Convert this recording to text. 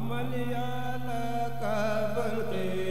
amal ya la ka balqi